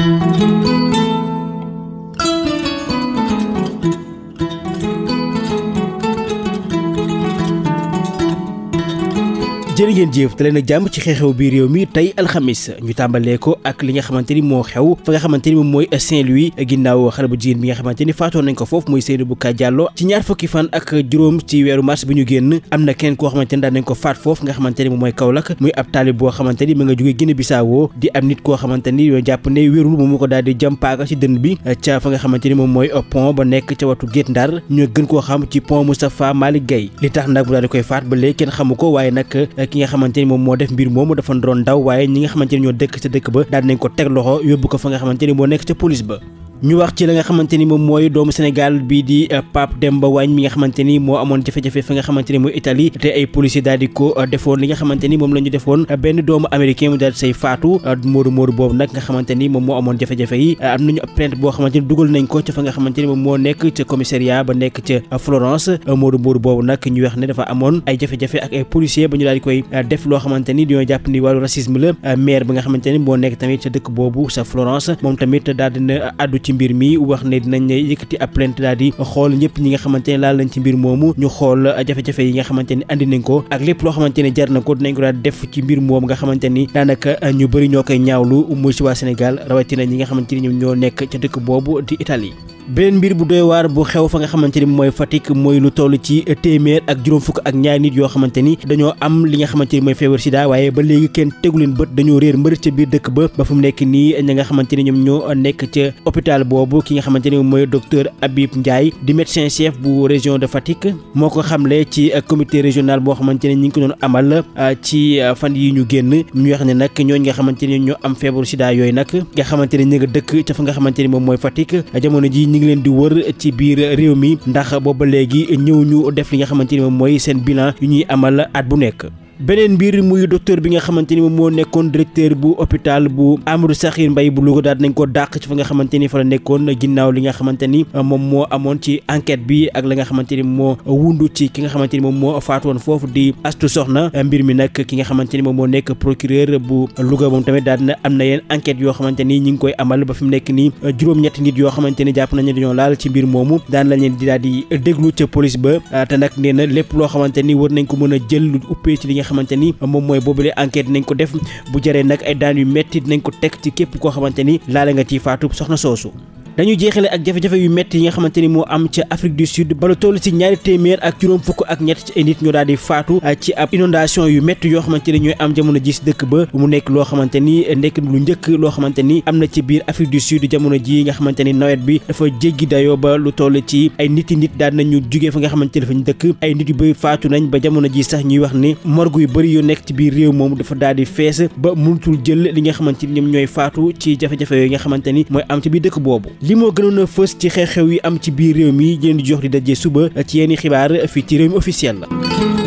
Música jërë ngeen jëf te leen ak jàmm ci xew-xew bi réew mi tey alxamis ñu tàmbalee ko ak li nga xamante moom mooy Saint-Louis ginnaaw xale bu jigéen bi nga xamante ni faatoon nañ ko foofu muy Seynabou Ka Diallo ci ñaar fukki fan ak juróom ci weeru mars bi ñu génn am na kenn koo xamante ni daan nañ ko faat foofu nga xamante ni moom mooy Kaolack muy ab taalib boo xamante ni ma nga jógee Guinée Bissau di am nit koo xamante ni jàpp ne wérul moom moo ko daal di jam paaka ci dënn bi ca fa nga ko waaye ki nga xamante ni moom moo def mbir moomu dafa doon daw waaye ñi nga xamante ni ñoo dëkk ca dëkk ba daal nañ ko teg loxo yóbbu ko fa nga xamante ni moo nekk ca police ba ñu wax ci la nga xamante moom mooy doomu Sénégal bii di euh, Pape Demba Wagne mi nga xamante ni moo amoon jafe-jafe fi nga xamante ni mooy euh, moom la ñu defoon euh, benn doomu américain mu daal di say faatu ni moom moo amoon jafe-jafe yi am nañu plainte boo xamante ni ko ca fa nga xamante ni moom moo nekk ca commissariat ba nekk ca Florence moodu moodu boobu nag ñu wax ne dafa ay jafe-jafe ak ay policiers ba ñu daal di def loo xamante ni dañoo jàpp ni wàllu racisme la maire bi nga xamante ni moo nekk tamit ca dëkk boobu sa Florence moom ci mbir mi wax ne dinañ ne yëkkati ab plainte daal xool ñëpp ñi nga xamante ne laal lañ ci mbir moomu ñu xool jafe-jafe yi nga xamante ne andi nañ ko ak lépp loo xamante ne jar na ko dinañ ko daal def ci mbir moomu nga xamante ni daanaka ñu bëri ñoo koy ñaawlu muy siwaa waa rawatina ñi nga xamante ni ñoom ñoo nekk ca dëkk boobu di Italie beneen mbir bu deewaar bu xew fa nga xamante ni mooy Fatick mooy lu toll ci téeméer ak juróom fukk ak ñaari nit yoo xamante ni dañoo am li nga xamante ni mooy feebar sida waaye ba léegi kenn tegu bët dañoo réer mbër ca dëkk ba ba fu mu nekk nii ñi nga xamante ni ñoom ñoo nekk ca hôpital ki nga xamante ni mooy docteur Habib Ndiaye di médecin chef bu région de Fatick moo ko xamle ci comité régional boo xamante ne ñi ngi ko doon amal euh, ci euh, fan yi ñu génn ñu wax ne nag ñooñ nga xamante ni ñoo am feebaru sida yooyu nag nga xamante ni ñu nga dëkk ca fa nga xamante ni moom mooy Fatick jamono ji ñu leen di wër ci biir réew mi ndax booba léegi ñëw ñu def li nga xamante ni moom mooy seen bilan yu ñuy amal at bu nekk beneen mbir muy docteur bi nga xamante ni moom moo nekkoon directeur bu hôpital bu Amadou Sakhir mbay bu Louga daal nañ ko dàq ci fa nga xamante ni fa la nekkoon ginnaaw li nga xamante ni moom moo amoon ci enquête bi ak la nga xamante ni moo wundu ci ki nga xamante ni moom moo faatu foofu di astu soxna mbir mi nag ki nga xamante ni moom moo nekk procureur bu Louga moom tamit daal na am na yeneen enquête yoo xamante ni ñi ngi koy amal ba fi mu nekk nii juróom-ñetti nit yoo xamante ni jàpp nañu dañoo laal ci mbir moomu daan la leen di daal di déglu ca police ba te na lépp loo xamante ni war nañ ko mën a jël uppee ci li nga xamante ni moom mooy boobule enquête nañ ko def bu jëree nag ay daan yu metti nañ ko teg ci képp koo xamante ni laale nga ci faatu soxna soosu dañu jeexale ak jafe-jafe yu metti yi nga xamante ni moo am ca Afrique du Sud ba lu toll ci ñaari téeméer ak juróom fukk ak ñett ci ay nit daal di faatu ah, ci ab yu metti yoo xamante ni ñooy am jamono ji ci dëkk ba mu nekk loo xamante ni nekk lu njëkk loo xamante ni am na ci biir Afrique du Sud jamono ji nga xamante ni nawet bi dafa jéggi dayoo ba lu toll ci ay nit yi nit daan nañu jugee fa nga xamante ni fa ñu dëkk ay nit yu bëri faatu nañ ba jamono ji sax ñuy wax ni morgue yu bëri yu nekk ci biir réew moom dafa daal di fees ba mënutul jël li nga xamante ni ñoom ñooy faatu ci jafe-jafe yooyu nga xamante mooy am ci biir dëkk boobu li moo gënoon a fës ci xew-xew yi am ci biir réew mi ñu di jox di dajee suba ci yenn xibaar fii ci réew mi officiel la